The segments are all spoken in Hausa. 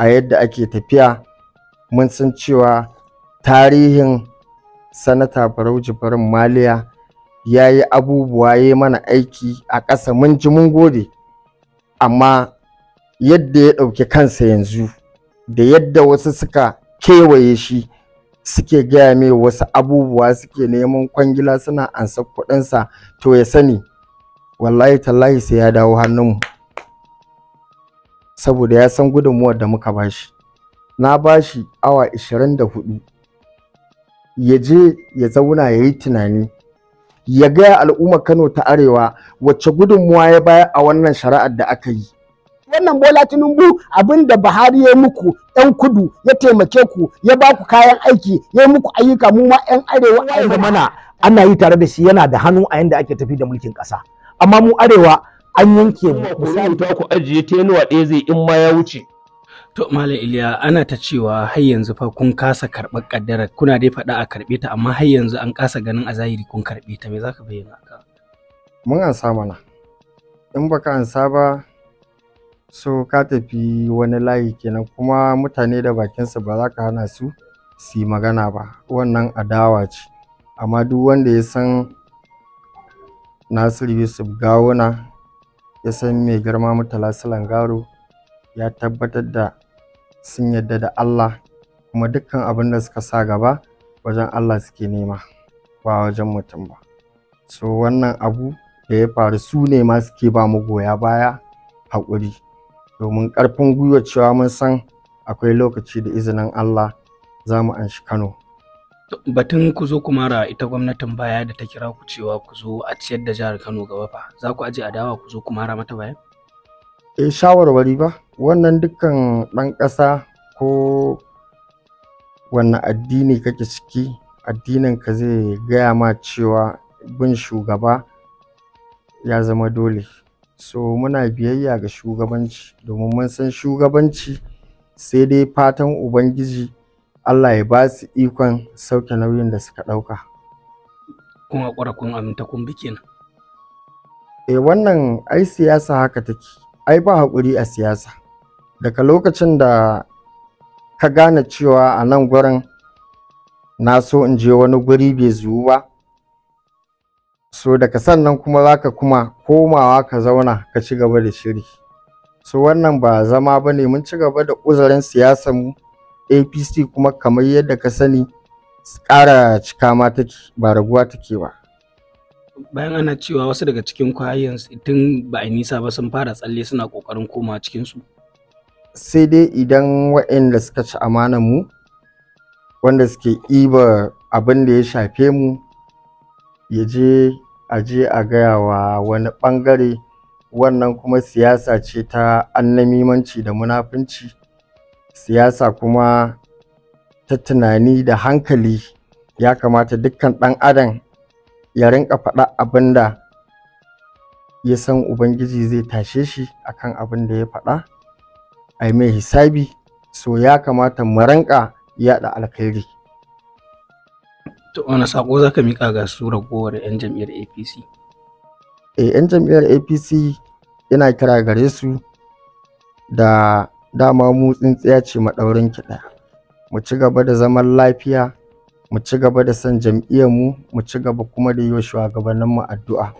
a yadda ake tafiya mun san cewa tarihin sanata farau jifarin maliya ya yi abubuwa ya mana aiki a ƙasa mun ji mun gode amma yadda ya ɗauki kansa yanzu da yadda wasu suka kewaye shi suke gaya mai wasu abubuwa suke neman kwangila suna ansa kuɗinsa to ya sani wallahi tallahi sai ya dawo hannunmu saboda ya san gudunmuwar da muka bashi na bashi awa 24 ya je ya zauna ya yi tunani ya gaya al'ummar Kano ta Arewa wacce gudunmuwa ya bayar a wannan shari'ar da aka yi. Wannan Bola Tinubu abin da Buhari ya muku ‘yan kudu ya taimake ku ya ba ku kayan aiki ya muku ayyuka mu ma ‘yan arewa. mana ana yi tare da shi yana da hannu a yanda ake tafi da mulkin ƙasa. Amma mu arewa an yanke mu misali ta ku ajiye ta yanuwa ɗaya zai in ma ya wuce to malam iliya ana ta cewa har yanzu fa kun kasa karɓar kaddara kuna dai faɗa a karɓe ta amma har yanzu an kasa ganin a zahiri kun karɓe ta me za ka bayyana ka mun ansa mana in baka ansa ba so ka tafi wani layi kenan kuma mutane da bakinsu ba za ka hana su su yi magana ba wannan adawa ce amma duk wanda ya san nasiru yusuf gawuna ya san mai girma mutala Silan Garo ya tabbatar da sun yarda da Allah kuma dukkan abin da suka sa gaba wajen Allah suke nema ba wajen mutum ba so wannan abu da ya faru su ne ma suke ba mu goya baya haƙuri domin ƙarfin gwiwa cewa mun san akwai lokaci da izinin Allah za mu anshi Kano batun ku zo ku ita gwamnatin baya da ta kira ku cewa ku zo a ciyar da jihar Kano gaba fa za ku aje adawa ku zo ku mara mata baya eh shawarwari ba wannan dukkan ɗan ƙasa ko wanne addini kake ciki addinin ka zai gaya ma cewa bin shugaba ya zama dole so muna biyayya ga shugabanci domin mun san shugabanci sai dai fatan ubangiji Allah ya ba su ikon sauke nauyin da suka ɗauka. Kun haƙura kun aminta kun bi kenan. Eh wannan ai siyasa haka take, ai ba haƙuri a siyasa. Daga lokacin da ka gane cewa a nan gurin na so in je wani guri bai zuwu ba, so daga sannan kuma za ka kuma komawa ka zauna ka ci gaba da shiri. So wannan ba zama ba ne mun ci gaba da uzarin siyasar mu apc kuma kamar yadda ka sani ƙara cika ma take ba raguwa take ba bayan ana cewa wasu daga cikin kwayoyin tun ba a nisa ba sun fara tsalle suna ƙoƙarin koma cikin su sai dai idan waɗanda suka ci amanar mu wanda suke iba abin da ya shafe mu ya je a je a gaya wa wani ɓangare wannan kuma siyasa ce ta annamimanci da munafunci siyasa kuma ta tunani da hankali ya kamata dukkan ɗan adam ya rinka faɗa abin da ya san ubangiji zai tashe shi akan abin da ya faɗa a mai hisabi so ya kamata mu rinka yaɗa alkhairi to wani za ka miƙa ga su ragowar 'yan jam'iyyar apc eh 'yan jam'iyyar apc ina kira gare su da dama mu tsintsiya ce maɗaurin ki ɗaya mu ci gaba da zaman lafiya mu ci gaba da son jam'iyyar mu ci gaba kuma da yi wa shugabanninmu addu'a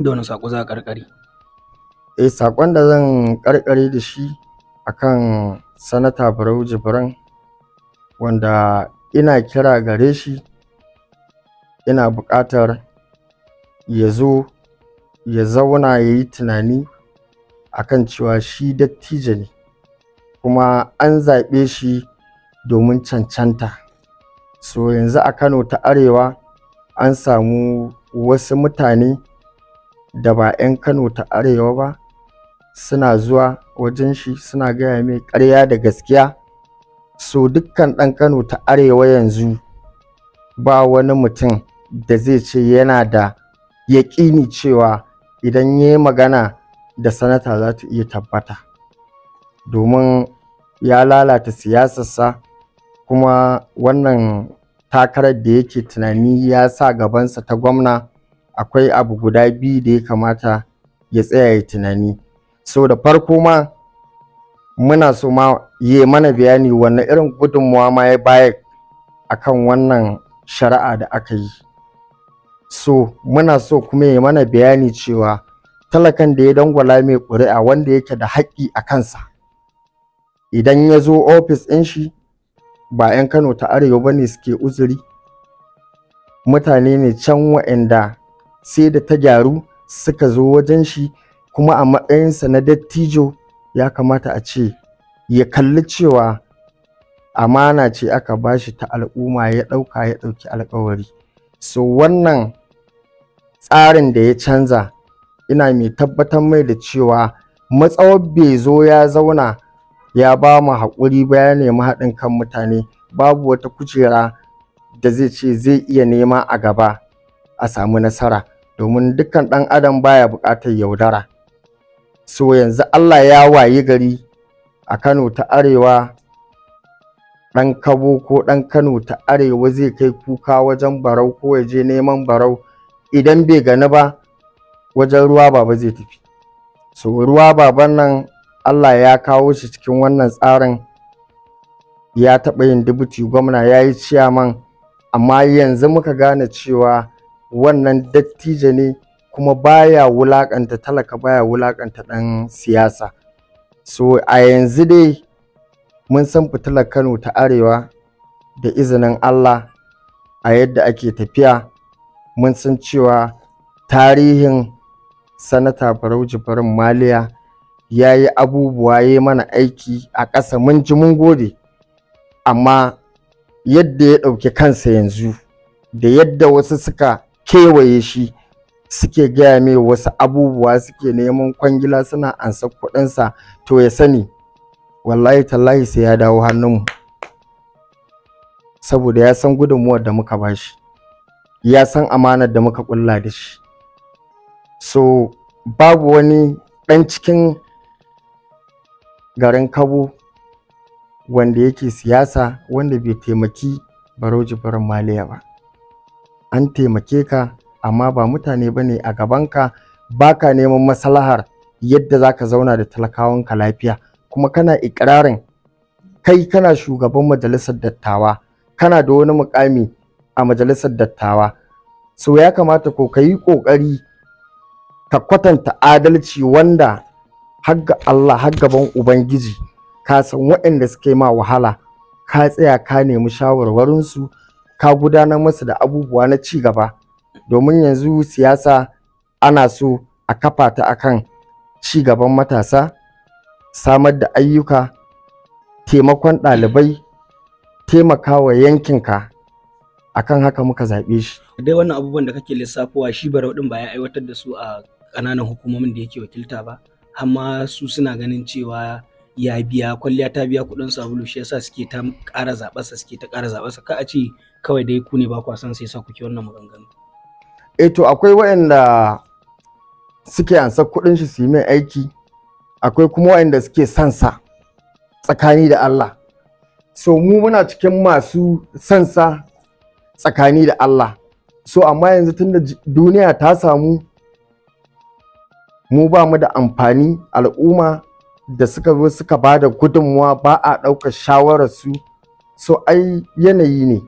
don wani saƙo za a ƙarƙari eh saƙon da zan ƙarƙare da shi akan sanata barau jibran wanda ina kira gare shi ina buƙatar ya zo ya zauna ya yi tunani akan cewa shi dattijo ne kuma an zaɓe shi domin cancanta so yanzu a kano ta arewa an samu wasu mutane da ba 'yan kano ta arewa ba suna zuwa wajen shi suna gaya mai ƙarya da gaskiya so dukkan ɗan kano ta arewa yanzu ba wani mutum da zai ce yana da yaƙini cewa idan ya yi magana da sanata za ta iya tabbata domin ya lalata siyasarsa kuma wannan takarar da yake tunani ya sa gabansa ta gwamna akwai abu guda biyu da ya kamata ya tsaya ya tunani so da farko ma muna so ma yi mana bayani wannan irin gudunmuwa ma ya bayar akan wannan shari'a da aka yi so muna so kuma ya mana bayani cewa talakan da ya dangwala mai ƙuri'a wanda yake da haƙƙi a kansa idan ya zo ofis ɗin shi ba 'yan kano ta arewa ba ne suke uzuri mutane ne can wa'anda sai da ta gyaru suka zo wajen shi kuma a matsayinsa na dattijo ya kamata a ce ya kalli cewa amana ce aka bashi ta al'umma ya ɗauka ya ɗauki alkawari so wannan tsarin da ya canza ina mai tabbatar mai da cewa matsawar bai zo ya zauna ya ba mu haƙuri ba ya nemi haɗin kan mutane babu wata kujera da zai ce zai iya nema a gaba a samu nasara domin dukkan ɗan adam baya buƙatar yaudara so yanzu Allah ya wayi gari a Kano ta arewa ɗan kabo ko ɗan Kano ta arewa zai kai kuka wajen barau ko yaje neman barau idan bai gani ba wajen ruwa baba zai tafi so ruwa baban nan Allah ya kawo shi cikin wannan tsarin ya taɓa yin dubuti gwamna ya yi ciyaman amma yanzu muka gane cewa wannan dattijo ne kuma baya wulakanta talaka baya wulakanta ɗan siyasa so a yanzu dai mun san fitilar kano ta arewa da izinin allah a yadda ake tafiya mun san cewa tarihin sanata barau Jibarin maliya ya yi abubuwa ya mana aiki a ƙasa mun ji mun gode amma yadda ya ɗauki kansa yanzu da yadda wasu suka kewaye shi suke gaya mai wasu abubuwa suke neman kwangila suna ansa kuɗinsa to ya sani wallahi tallahi sai ya dawo hannunmu saboda ya san gudunmuwar da muka bashi ya san amanar da muka ƙulla da shi so babu wani ɗan cikin garin kabo wanda yake siyasa wanda bai taimaki baroji barin maliya ba an taimake ka amma ba mutane ba ne a gaban ka baka neman maslahar yadda za ka zauna da talakawanka lafiya kuma kana ikirarin kai kana shugaban majalisar dattawa kana da wani mukami a majalisar dattawa so ya kamata ko ka yi ƙoƙari ka kwatanta adalci wanda har ga Allah har gaban Ubangiji ka san waɗanda suke ma wahala ka tsaya ka nemi shawarwarinsu ka gudanar musu da abubuwa na ci gaba domin yanzu siyasa ana so a kafa ta akan ci gaban matasa samar da ayyuka taimakon ɗalibai taimakawa yankinka akan haka muka zaɓe shi dai wannan abubuwan da kake lissafowa shi barau din ba ya aiwatar da su a Kananan hukumomin da yake wakilta ba amma su suna ganin cewa ya biya kwalliya ta biya kuɗin sabulu shi yasa suke ta ƙara zaɓarsa suke ta ƙara zaɓarsa ka a ce kawai dai ku ne ba kwa san sai sa kuke wannan maganganu. eh to akwai waɗanda suke ansa kuɗin shi su yi mai aiki akwai kuma waɗanda suke sa tsakani da Allah so mu muna cikin masu sa tsakani da Allah so amma yanzu tunda duniya ta samu mu ba mu da amfani al'umma da suka zo suka ba da gudunmuwa ba a ɗaukar shawararsu so ai yanayi ne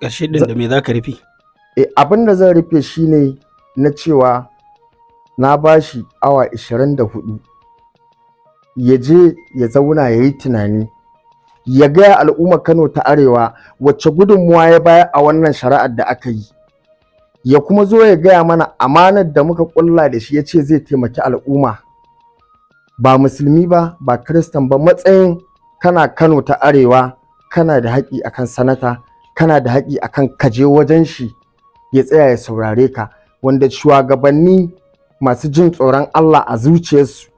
ƙarshe ɗin da me za ka rufe e, abin da zan rufe shi ne na cewa na ba shi awa 24 ya je ya zauna ya yi tunani ya gaya al'ummar kano ta arewa wacce gudunmuwa ya baya a wannan shari'ar da aka yi ya kuma zo ya gaya mana amanar da muka kulla da shi ya ce zai taimaki al'umma ba musulmi ba ba kiristan ba matsayin kana kano ta arewa kana da haƙi akan sanata kana da haƙi akan kaje wajen shi ya tsaya ya saurare ka wanda shugabanni masu jin tsoron Allah a zuciyarsu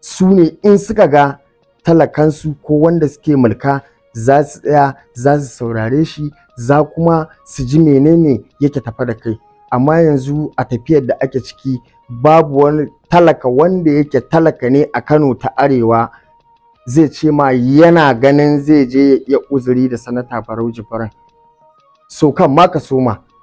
su ne in suka ga talakansu ko wanda suke mulka za su tsaya za su saurare shi za kuma su ji menene yake tafa da kai amma yanzu a tafiyar da ake ciki babu wani talaka wanda yake talaka ne a Kano ta Arewa zai ce ma yana ganin zai je ya uzuri da sanata farauji farin so kan ma ka soma